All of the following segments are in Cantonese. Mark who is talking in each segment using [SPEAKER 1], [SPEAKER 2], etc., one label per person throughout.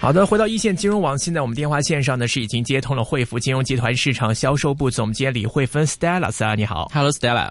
[SPEAKER 1] 好的，回到一線金融網，現在我們電話線上呢是已經接通了匯福金融集團市場銷售部總監李慧芬 Stella，你好，Hello Stella。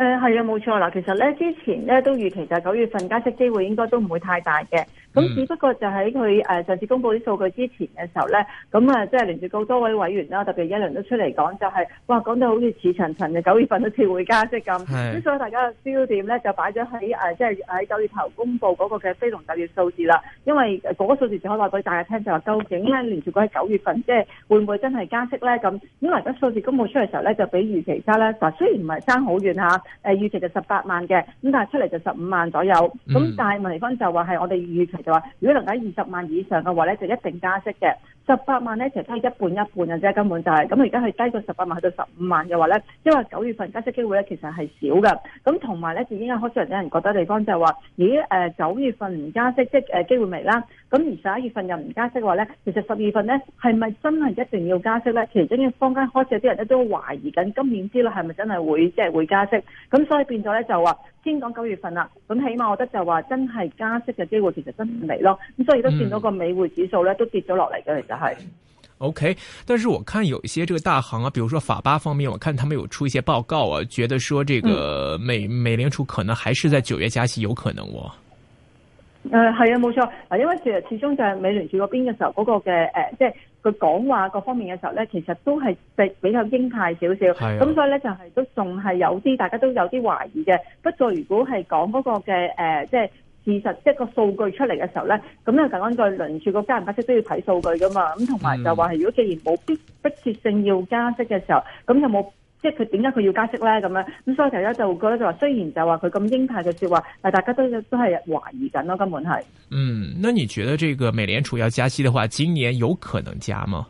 [SPEAKER 2] 誒係啊，冇錯啦。其實咧，之前咧都預期就九月份加息機會應該都唔會太大嘅。咁、嗯、只不過就喺佢誒上次公布啲數據之前嘅時候咧，咁啊即係聯儲好多位委員啦，特別一輪都出嚟講，就係、是、哇講到好似似層層嘅九月份都跳會加息咁。咁所以大家嘅焦點咧就擺咗喺誒，即係喺九月頭公布嗰個嘅非農就業數字啦。因為嗰個數字只可以話俾大家聽，就話、是、究竟咧聯儲講係九月份，即係會唔會真係加息咧？咁咁而家數字公布出嚟嘅時候咧，就比預期差啦。嗱，雖然唔係差好遠吓，誒預期就十八萬嘅，咁但係出嚟就十五萬左右。咁、嗯、但係問題翻就話係我哋預期。就話，如果能喺二十萬以上嘅話，咧，就一定加息嘅。十八萬咧，其實都係一半一半嘅啫，根本就係、是、咁。而家佢低過十八萬去到十五萬嘅話咧，因為九月份加息機會咧，其實係少㗎。咁同埋咧，就應該開始有人覺得地方就係話，咦九、呃、月份唔加息，即係誒、呃、機會未啦。咁而十一月份又唔加息嘅話咧，其實十二月份咧係咪真係一定要加息咧？其中嘅坊間開始有啲人咧都懷疑緊今年之內咧係咪真係會即係、就是、會加息。咁所以變咗咧就話先講九月份啦。咁起碼我覺得就話真係加息嘅機會其實真唔嚟咯。咁所以都見到個美匯指數咧都跌咗落嚟嘅。係
[SPEAKER 1] ，OK。但是我看有一些這個大行啊，比如說法巴方面，我看他們有出一些報告啊，覺得說這個美、嗯、美聯儲可能還是在九月加息有可能、啊
[SPEAKER 2] 呃。哦，誒係啊，冇錯。嗱，因為其實始終就係美聯儲嗰邊嘅時候，嗰、那個嘅誒、呃，即係佢講話各方面嘅時候呢，其實都係比比較鷹派少少。咁、哎嗯，所以呢，就係都仲係有啲大家都有啲懷疑嘅。不過如果係講嗰個嘅誒、呃，即係。事實即係個數據出嚟嘅時候咧，咁咧，講緊再輪住個加唔加息都要睇數據噶嘛，咁同埋就話係如果既然冇必迫切性要加息嘅時候，咁有冇即係佢點解佢要加息咧？咁樣咁所以大家就覺得就話雖然就話佢咁鷹派嘅說話，但大家都都係懷疑緊咯，根本係。嗯，
[SPEAKER 1] 那你覺得這個美聯儲要加息的話，今年有可能加嗎？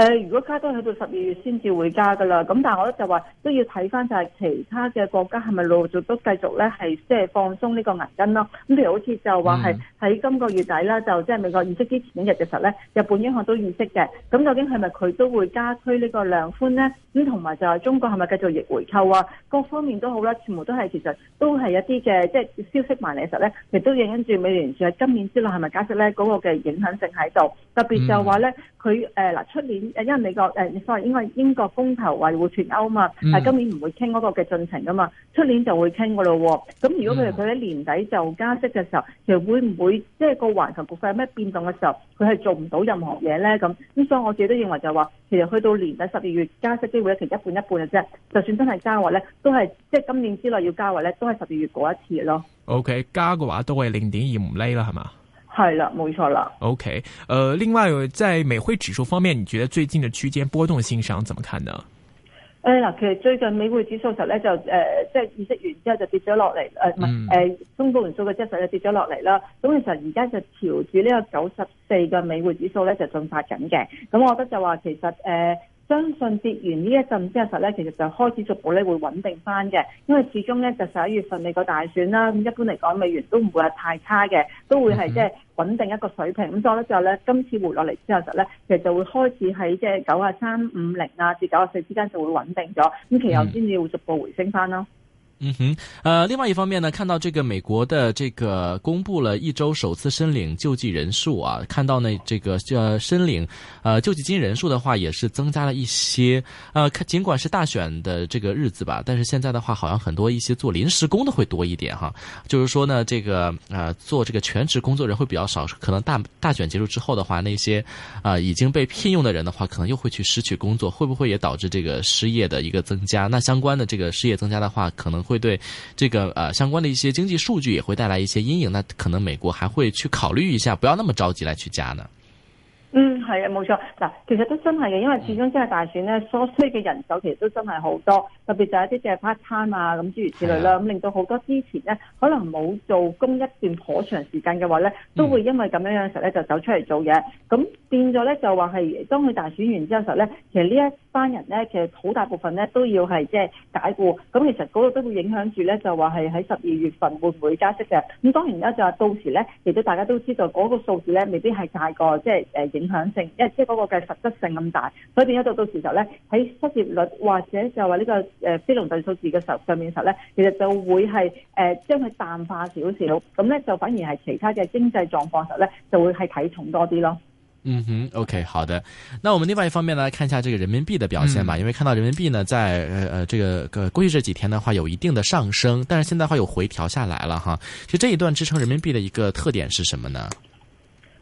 [SPEAKER 2] 誒、呃，如果加多，去到十二月先至會加㗎啦。咁但係我咧就話都要睇翻就係其他嘅國家係咪陸續都繼續咧係即係放鬆呢個銀根咯。咁例如好似就話係喺今個月底啦、嗯，就即係美國議息之前一日嘅時候咧，日本央行都議息嘅。咁究竟係咪佢都會加推呢個量寬咧？咁同埋就係中國係咪繼續逆回購啊？各方面都好啦，全部都係其實都係一啲嘅即係消息埋嚟嘅時候咧，其實都，就是，都影響住美聯儲喺今年之內係咪加息咧嗰、那個嘅影響性喺度。特別就話咧，佢嗱出年。誒，因為美國誒所謂應該英國公投維護脱歐啊嘛，係今年唔會傾嗰個嘅進程噶嘛，出年就會傾噶咯喎。咁如果譬如佢喺年底就加息嘅時候，其實會唔會即係個環球局勢有咩變動嘅時候，佢係做唔到任何嘢咧咁。咁所以我自己都認為就係話，其實去到年底十二月加息機會一成一半一半嘅啫。就算真係加話咧，都係即係今年之內要加話咧，都係十二月嗰一次咯。
[SPEAKER 1] OK，加嘅話都係零點二五厘啦，係嘛？
[SPEAKER 2] 係啦，冇錯啦。
[SPEAKER 1] OK，誒、呃，另外喎，在美匯指數方面，你覺得最近嘅區間波動性上怎麼看呢？
[SPEAKER 2] 誒、呃、嗱，其實最近美匯指數實咧就誒，即、呃、係、就是、議息完之後就跌咗落嚟，誒唔係，誒、嗯呃，中國元素嘅指數就跌咗落嚟啦。咁其實而家就朝住呢個九十四個美匯指數咧就進發緊嘅。咁我覺得就話其實誒。呃相信跌完呢一陣之後，實咧其實就開始逐步咧會穩定翻嘅，因為始終咧就十一月份美國大選啦，咁一般嚟講美元都唔會係太差嘅，都會係即係穩定一個水平。咁所以咧就咧今次回落嚟之後實咧，其實就會開始喺即係九啊三五零啊至九啊四之間就會穩定咗，咁其後先至會逐步回升翻咯。Mm-hmm.
[SPEAKER 3] 嗯哼，呃，另外一方面呢，看到這個美國的這個公布了一週首次申領救濟人數啊，看到呢這個呃申領，呃救濟金人數的話也是增加了一些，呃，看盡管是大選的這個日子吧，但是現在的話好像很多一些做臨時工的會多一點哈，就是說呢這個呃做這個全職工作人會比較少，可能大大選結束之後的話，那些啊、呃、已經被聘用的人的話，可能又會去失去工作，會不會也導致這個失業的一個增加？那相關的這個失業增加的話，可能。會對這個呃相關的一些經濟數據也會帶來一些陰影，那可能美國還會去考慮一下，不要那麼着急來去加呢。
[SPEAKER 2] 係啊，冇錯。嗱，其實都真係嘅，因為始終真係大選咧，所需嘅人手其實都真係好多，特別就係一啲嘅 part time 啊咁諸如此類啦，咁令到好多之前咧可能冇做工一段頗長時間嘅話咧，都會因為咁樣樣嘅時候咧就走出嚟做嘢，咁、嗯、變咗咧就話係當佢大選完之後嘅時候咧，其實呢一班人咧其實好大部分咧都要係即係解僱，咁其實嗰個都會影響住咧就話係喺十二月份會唔會加息嘅？咁當然啦，就話到時咧，其實大家都知道嗰個數字咧未必係大過即係誒影響即係嗰個嘅實質性咁大，所以變咗到到時就咧喺失業率或者就話呢、這個誒非農數字嘅時候上面嘅時候咧，其實就會係誒、呃、將佢淡化少少，咁咧就反而係其他嘅經濟狀況實咧就會係睇重多啲咯。
[SPEAKER 3] 嗯哼，OK，好的。那我們另外一方面來看一下呢個人民幣嘅表現吧。因為看到人民幣呢在誒誒、呃，這個、呃、過去這幾天的話有一定的上升，但是現在的話有回調下來啦，哈。其實呢一段支撐人民幣嘅一個特點是什麼呢？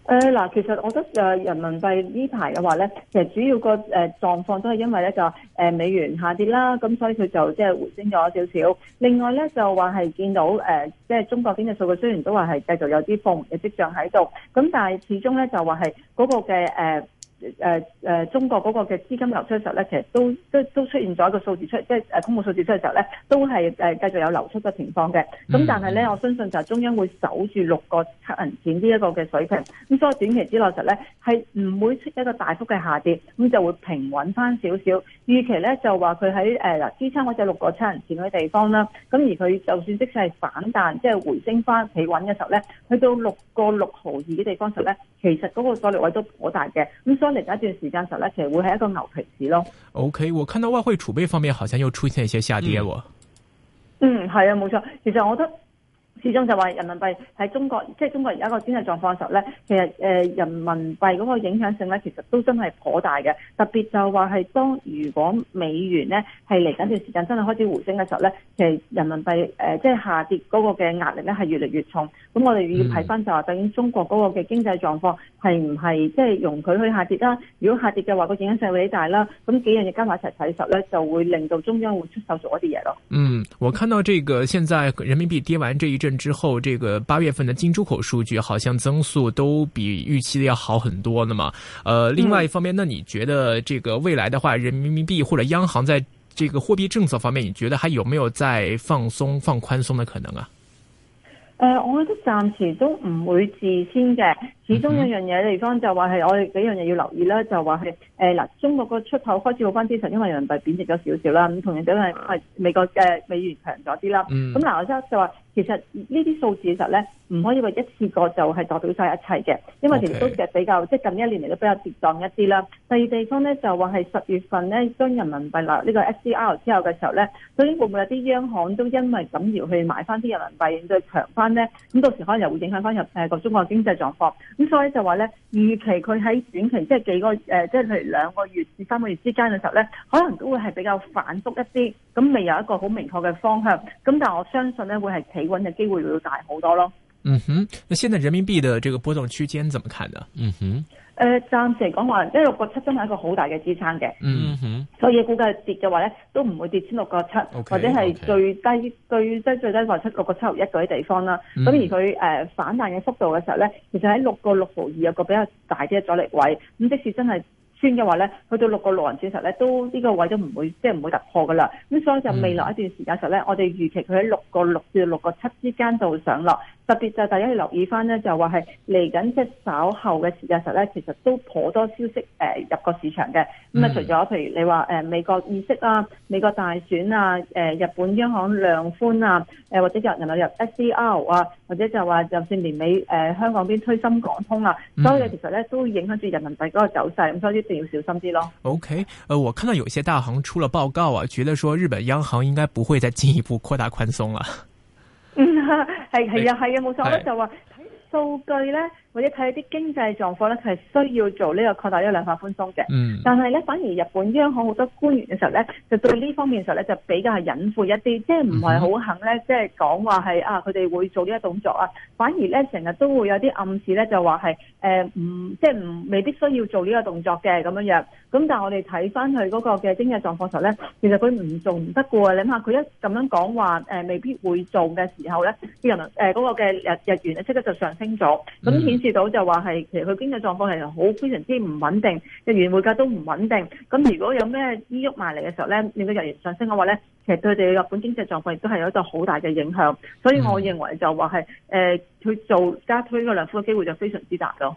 [SPEAKER 2] 誒、呃、嗱，其實我覺得人民幣呢排嘅話咧，其實主要個、呃、狀況都係因為咧就、呃、美元下跌啦，咁所以佢就即係回升咗少少。另外咧就話係見到即係、呃就是、中國經濟數據雖然都話係繼續有啲風嘅跡象喺度，咁但係始終咧就話係嗰個嘅誒誒、呃、誒、呃，中國嗰個嘅資金流出嘅時候咧，其實都都都出現咗一個數字出，即係誒公佈數字出嘅時候咧，都係、呃、繼續有流出嘅情況嘅。咁但係咧，我相信就係中央會守住六個七銀錢呢一個嘅水平。咁所以短期之內實咧係唔會出一個大幅嘅下跌，咁就會平穩翻少少。預期咧就話佢喺誒嗱支撐只六個七銀錢嘅地方啦。咁而佢就算即使係反彈，即、就、係、是、回升翻企穩嘅時候咧，去到六個六毫二嘅地方時候咧，其實嗰個阻力位都好大嘅。咁所嚟緊一段時間時候咧，其實會係一個牛皮市
[SPEAKER 1] 咯。O、okay, K，我看到外匯儲備方面好像又出現一些下跌
[SPEAKER 2] 喎。嗯，係、嗯、啊，冇錯。其實我覺得始終就話人民幣喺中國，即、就、係、是、中國而家個經濟狀況嘅時候咧，其實誒、呃、人民幣嗰個影響性咧，其實都真係頗大嘅。特別就話係當如果美元咧係嚟緊段時間真係開始回升嘅時候咧，其實人民幣誒即係下跌嗰個嘅壓力咧係越嚟越重。咁我哋要睇翻就話，對於中國嗰個嘅經濟狀況。係唔係即係容佢去下跌啦、啊？如果下跌嘅話，個影響勢會很大啦。咁幾樣嘢加埋一齊睇實咧，就會令到中央會出手做一啲嘢咯。
[SPEAKER 1] 嗯，我看到這個現在人民幣跌完這一陣之後，這個八月份的進出口數據好像增速都比預期的要好很多嘛，咁呃另外一方面、嗯，那你覺得這個未來的話，人民幣或者央行在這個貨幣政策方面，你覺得還有沒有再放鬆、放寬鬆的可能啊？誒、
[SPEAKER 2] 呃，我覺得暫時都唔會事先嘅。始終有樣嘢地方就話係我哋幾樣嘢要留意啦，就話係嗱中國個出口開始好翻之前，因為人民幣貶值咗少少啦。咁同樣就係誒美國嘅美元強咗啲啦。咁、mm-hmm. 嗱，即係就話其實呢啲數字其實咧唔可以話一次過就係代表晒一切嘅，因為其實都比較、okay. 即近一年嚟都比較跌宕一啲啦。第二地方咧就話係十月份咧將人民幣納呢個 SDR 之後嘅時候咧，究竟會唔會有啲央行都因為咁而去買翻啲人民幣再強翻咧？咁、嗯、到時可能又會影響翻入誒個中國經濟狀況。咁所以就話咧，預期佢喺短期，即係幾個誒、呃，即係兩個月至三個月之間嘅時候咧，可能都會係比較反復一啲，咁未有一個好明確嘅方向。咁但係我相信咧，會係企穩嘅機會會大好多咯。嗯
[SPEAKER 1] 哼，那現在人民幣的這個波動區間怎麼看呢？嗯哼。
[SPEAKER 2] 誒、呃、暫時嚟講話即係六個七真係一個好大嘅支撐嘅
[SPEAKER 1] ，mm-hmm.
[SPEAKER 2] 所以估計跌嘅話咧都唔會跌穿六個七，或者係最低、最低、最低話七六個七毫一嗰啲地方啦。咁、mm-hmm. 而佢、呃、反彈嘅幅度嘅時候咧，其實喺六個六毫二有個比較大啲嘅阻力位。咁即使真係穿嘅話咧，去到六個六毫二嘅時候咧，都呢個位都唔會即係唔會突破㗎啦。咁所以就未來一段時間嘅時候咧，mm-hmm. 我哋預期佢喺六個六至六個七之間度上落。特別就大家要留意翻咧，就話係嚟緊即稍後嘅時間實咧，其實都頗多消息入個市場嘅。咁、嗯、啊，除咗譬如你話美國議息啊、美國大選啊、日本央行量寬啊、或者有人流入 SDR 啊，或者就話就算年尾誒香港邊推深港通啊、嗯，所以其實咧都影響住人民幣嗰個走勢，咁所以一定要小心啲咯。
[SPEAKER 1] OK，、呃、我看到有些大行出了報告啊，覺得說日本央行應該不會再進一步擴大寬鬆啦。
[SPEAKER 2] 係 係啊，係啊，冇錯，啦，就話。數據咧，或者睇啲經濟狀況咧，佢係需要做呢個擴大呢個量化寬鬆嘅。嗯。但係咧，反而日本央行好多官員嘅時候咧，就對呢方面嘅時候咧，就比較隱晦一啲，即係唔係好肯咧，即係講話係啊，佢哋會做呢個動作啊。反而咧，成日都會有啲暗示咧，就話係唔即係唔未必需要做呢個動作嘅咁樣樣。咁但係我哋睇翻佢嗰個嘅經濟狀況時候咧，其實佢唔做唔得嘅。你諗下，佢一咁樣講話誒未必會做嘅時候咧，啲人誒嗰個嘅日日元咧即刻就上。清、嗯、楚，咁顯示到就話係其實佢經濟狀況係好非常之唔穩定，日元匯價都唔穩定。咁如果有咩依郁埋嚟嘅時候咧，令到日元上升嘅話咧，其實對佢哋嘅日本經濟狀況亦都係有一個好大嘅影響。所以我認為就話係誒佢做加推個量寬嘅機會就非常之大咯。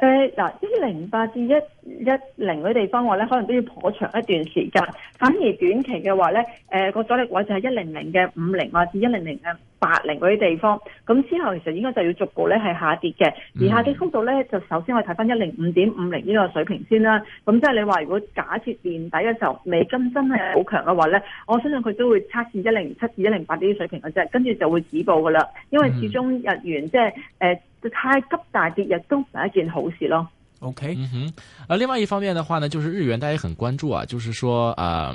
[SPEAKER 2] 誒，嗱，一零八至一一零嗰啲地方話咧，可能都要頗長一段時間。反而短期嘅話咧，誒個阻力位就係一零零嘅五零啊，至一零零嘅八零嗰啲地方。咁之後其實應該就要逐步咧係下跌嘅，而下跌幅度咧，就首先我睇翻一零五點五零呢個水平先啦。咁即係你話，如果假設年底嘅時候美金真係好強嘅話咧，我相信佢都會測試一零七至一零八呢啲水平嘅啫，跟住就會止步噶啦。因為始終日元即係誒。呃就太急大跌日都唔係一件好事咯。
[SPEAKER 3] OK，嗯哼，啊，另外一方面的話呢，就是日元，大家也很關注啊，就是說，嗯、呃。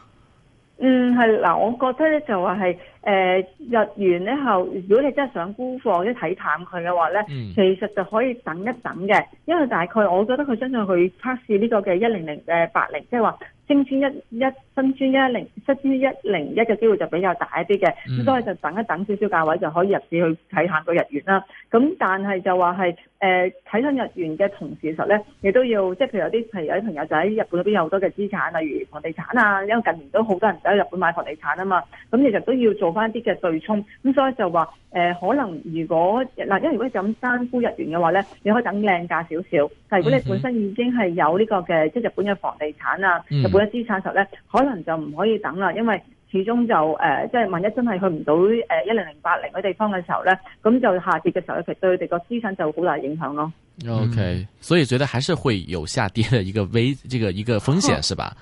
[SPEAKER 2] 嗯，係嗱，我覺得咧就話、是、係，誒、呃，日元咧後，如果你真係想沽貨，即係睇淡佢嘅話咧、嗯，其實就可以等一等嘅，因為大概我覺得佢相信佢測試呢個嘅一零零誒八零，80, 即係話。升穿一一新村一零失穿一零一嘅機會就比較大一啲嘅，咁、嗯、所以就等一等少少價位就可以入市去睇下個日元啦。咁但係就話係誒睇下日元嘅同時嘅時候咧，亦都要即係譬如有啲譬如有啲朋友就喺日本嗰邊有好多嘅資產，例如房地產啊，因為近年都好多人走日本買房地產啊嘛，咁其實都要做翻啲嘅對沖。咁所以就話誒、呃，可能如果嗱，因為如果就咁單沽日元嘅話咧，你可以等靚價少少。但如果你本身已經係有呢個嘅，即、就、係、是、日本嘅房地產啊，嗯、日本。資產嘅時候咧，可能就唔可以等啦，因為始終就誒，即、呃、係、就是、萬一真係去唔到誒一零零八零嘅地方嘅時候咧，咁就下跌嘅時候，其實對佢哋個資產就好大影響咯。
[SPEAKER 3] O、okay, K，所以覺得還是會有下跌嘅一個危，這個一個風險、啊，是吧？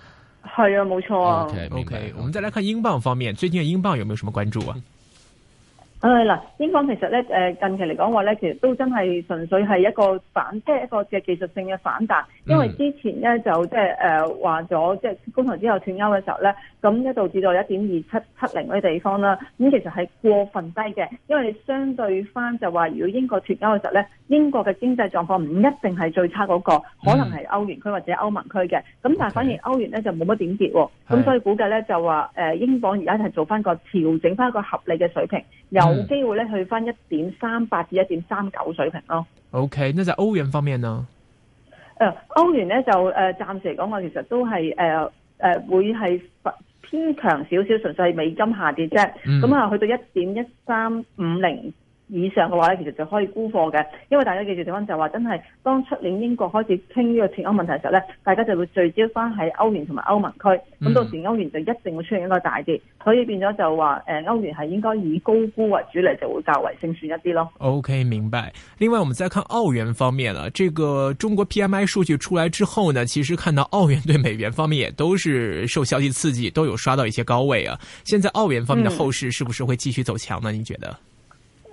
[SPEAKER 2] 係啊，冇錯、啊。O、okay, K，、
[SPEAKER 3] okay,
[SPEAKER 1] 我們再來看英鎊方面，最近英鎊有沒有什麼關注啊？
[SPEAKER 2] 誒、嗯，嗱，英鎊其實咧，誒、呃，近期嚟講話咧，其實都真係純粹係一個反，即係一個嘅技術性嘅反彈。因為之前咧就即係誒話咗，即係公投之後脫歐嘅時候咧，咁一度至到一點二七七零嗰啲地方啦，咁其實係過分低嘅，因為你相對翻就話，如果英國脫歐嘅時候咧，英國嘅經濟狀況唔一定係最差嗰個，可能係歐元區或者歐盟區嘅，咁但係反而歐元咧就冇乜點跌喎，咁、okay. 所以估計咧就話英鎊而家係做翻個調整，翻一個合理嘅水平，有機會咧去翻一點三八至一點三九水平咯。
[SPEAKER 1] OK，呢就歐元方面呢？
[SPEAKER 2] 誒歐元咧就誒、呃、暫時嚟講，我其實都係誒誒會係偏強少少，純粹係美金下跌啫。咁、嗯、啊，去到一點一三五零以上嘅話咧，其實就可以沽貨嘅，因為大家記住點樣就話，真係當出年英國開始傾呢個脫歐問題嘅時候咧，大家就會聚焦翻喺歐元同埋歐盟區，咁到時歐元就一定會出現一個大跌，嗯，所以變咗就話誒歐元係應該以高沽為主力，就會較為勝算
[SPEAKER 1] 一啲咯。OK 明白。另外，我們再看澳元方面啊，這個中國 PMI 數據出來之後呢，其實看到澳元對美元方面也都是受消息刺激，都有刷到一些高位啊。現在澳元方面的後市是不是會繼續走強呢？嗯、你覺得？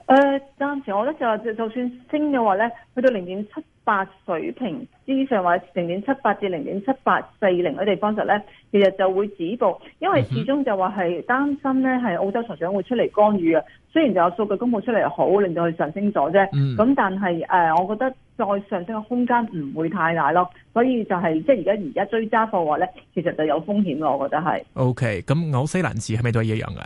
[SPEAKER 2] 誒、呃，暫時我覺得就就算升嘅話咧，去到零點七八水平之上或者零點七八至零點七八四零嘅地方就咧，其實就會止步，因為始終就話係擔心咧係澳洲財長會出嚟干預啊。雖然就有數據公布出嚟好令到佢上升咗啫，咁、嗯、但係誒，我覺得再上升嘅空間唔會太大咯。所以就係即係而家而家追揸貨話咧，其實就有風險，我覺得係。
[SPEAKER 1] OK，咁紐西蘭市係咪都係一樣嘅？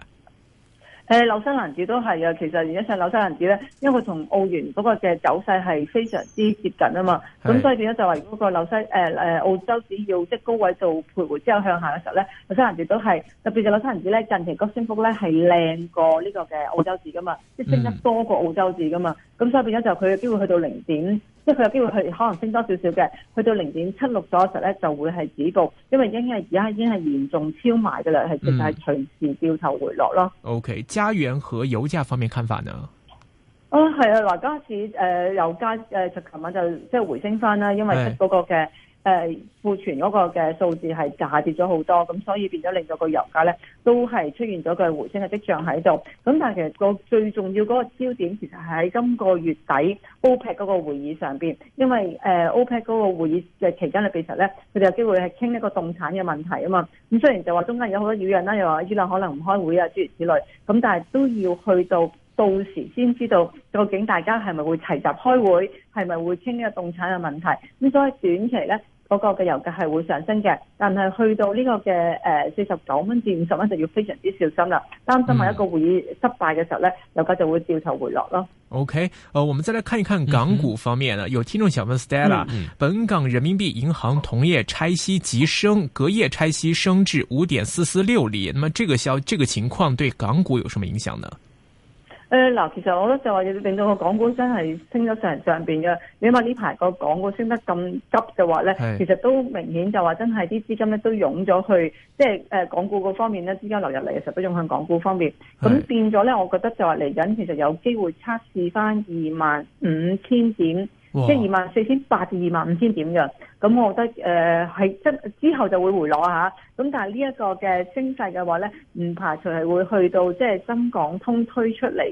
[SPEAKER 2] 誒紐西蘭紙都係啊，其實而家上紐西蘭紙咧，因為佢同澳元嗰個嘅走勢係非常之接近啊嘛，咁所以變咗就話如果個紐西誒誒、呃、澳洲紙要即係高位做徘徊之後向下嘅時候咧，紐西蘭紙都係特別嘅紐西蘭紙咧，近期個升幅咧係靚過呢個嘅澳洲紙噶嘛，即、嗯、升得多過澳洲紙噶嘛。咁所以變咗就佢有機會去到零點，即係佢有機會去可能升多少少嘅，去到零點七六咗實咧就會係止步，因為現在已經係而家已經係嚴重超賣嘅啦，係即係隨時掉頭回落咯。
[SPEAKER 1] OK，加元和油價方面看法呢？
[SPEAKER 2] 哦，係啊，嗱，今次誒油價誒就琴晚就即係回升返啦，因為嗰個嘅。嗯誒、呃、庫存嗰個嘅數字係下跌咗好多，咁所以變咗令到個油價咧都係出現咗佢回升嘅跡象喺度。咁但係其實個最重要嗰個焦點其實喺今個月底 OPEC 嗰個會議上面，因為、呃、OPEC 嗰個會議嘅期間咧，其實咧佢哋有機會係傾一個動產嘅問題啊嘛。咁雖然就話中間有好多擾人啦，又話伊朗可能唔開會啊諸如此類，咁但係都要去到。到時先知道究竟大家係咪會齊集開會，係咪會傾呢個凍產嘅問題？咁所以短期咧，嗰個嘅油價係會上升嘅。但係去到呢個嘅誒四十九蚊至五十蚊就要非常之小心啦，擔心喺一個會議失敗嘅時候咧、嗯，油價就會掉頭回落啦。
[SPEAKER 1] OK，呃，我們再來看一看港股方面啦、嗯。有聽眾想問 Stella，、嗯、本港人民幣銀行同業拆息急升，隔夜拆息升至五點四四六厘。那麼這個消，這個情況對港股有什麼影響呢？
[SPEAKER 2] 誒，嗱，其實我覺得就話你令到個港股真係升咗上上邊嘅，你話呢排個港股升得咁急嘅話咧，其實都明顯就話真係啲資金咧都湧咗去，即係誒港股嗰方面咧資金流入嚟嘅時候都湧向港股方面，咁變咗咧，我覺得就話嚟緊其實有機會測試翻二萬五千點。哦、即係二萬四千八至二萬五千點嘅，咁我覺得誒係即之後就會回落吓，咁但係呢一個嘅升勢嘅話咧，唔排除係會去到即係深港通推出嚟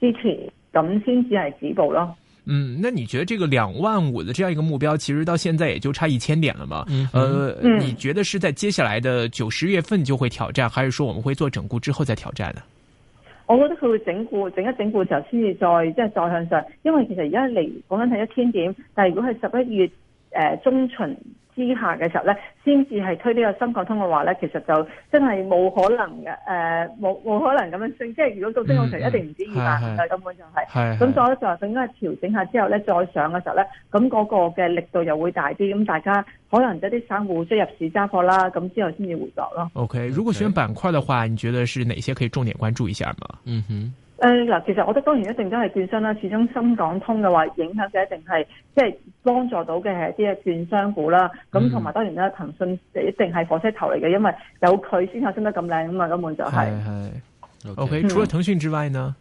[SPEAKER 2] 之前咁先至係止步咯。嗯，
[SPEAKER 1] 那你覺得這個兩萬五的這樣一個目標，其實到現在也就差一千點啦嘛？嗯，呃嗯，你覺得是在接下來的九十月份就會挑戰，還是說我們會做整固之後再挑戰呢？
[SPEAKER 2] 我覺得佢會整固，整一整固嘅時候先至再即係、就是、再向上，因為其實而家嚟講緊係一千點，但係如果係十一月誒中旬，之下嘅時候咧，先至係推呢個深港通嘅話咧，其實就真係冇可能嘅，冇、呃、冇可能咁樣升。即係如果到升，我就一定唔止二萬啦，根本就係、是。係、嗯。咁所以就係等緊調整下之後咧，再上嘅時候咧，咁、嗯、嗰、那個嘅力度又會大啲。咁、嗯、大家可能得一啲散戶即係入市揸貨啦，咁之後先至回落咯。
[SPEAKER 1] OK，如果選板塊嘅話，你覺得是哪些可以重點關注一下嘛？嗯哼。
[SPEAKER 2] 誒，嗱，其實我覺得當然一定都係券商啦，始終深港通嘅話，影響嘅一定係即係幫助到嘅係一啲嘅券商股啦。咁同埋當然咧，騰訊一定係火車頭嚟嘅，因為有佢先可升得咁靚啊嘛。根本就係、是。
[SPEAKER 1] 係 O K，除了騰訊之外呢？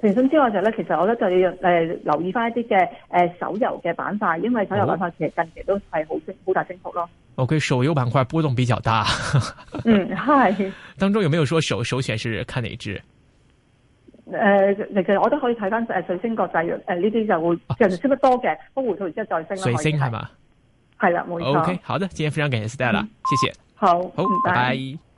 [SPEAKER 2] 騰、嗯、訊之外就咧，其實我覺得就要誒留意返一啲嘅誒手遊嘅板塊，因為手遊板塊其實近期都係好好、啊、大升幅咯。
[SPEAKER 1] O、okay, K，手遊板塊波動比較大。 嗯 h 當中有沒有說首首選是看哪支？
[SPEAKER 2] 誒、呃，其實我都可以睇翻誒，瑞星國際誒呢啲就會就升得多嘅，包回到然之後再升。瑞星係嘛？係啦，冇錯。O、okay, K，
[SPEAKER 1] 好的，今天非常感謝 Stella、嗯、l 謝謝。好，好，拜拜。拜拜。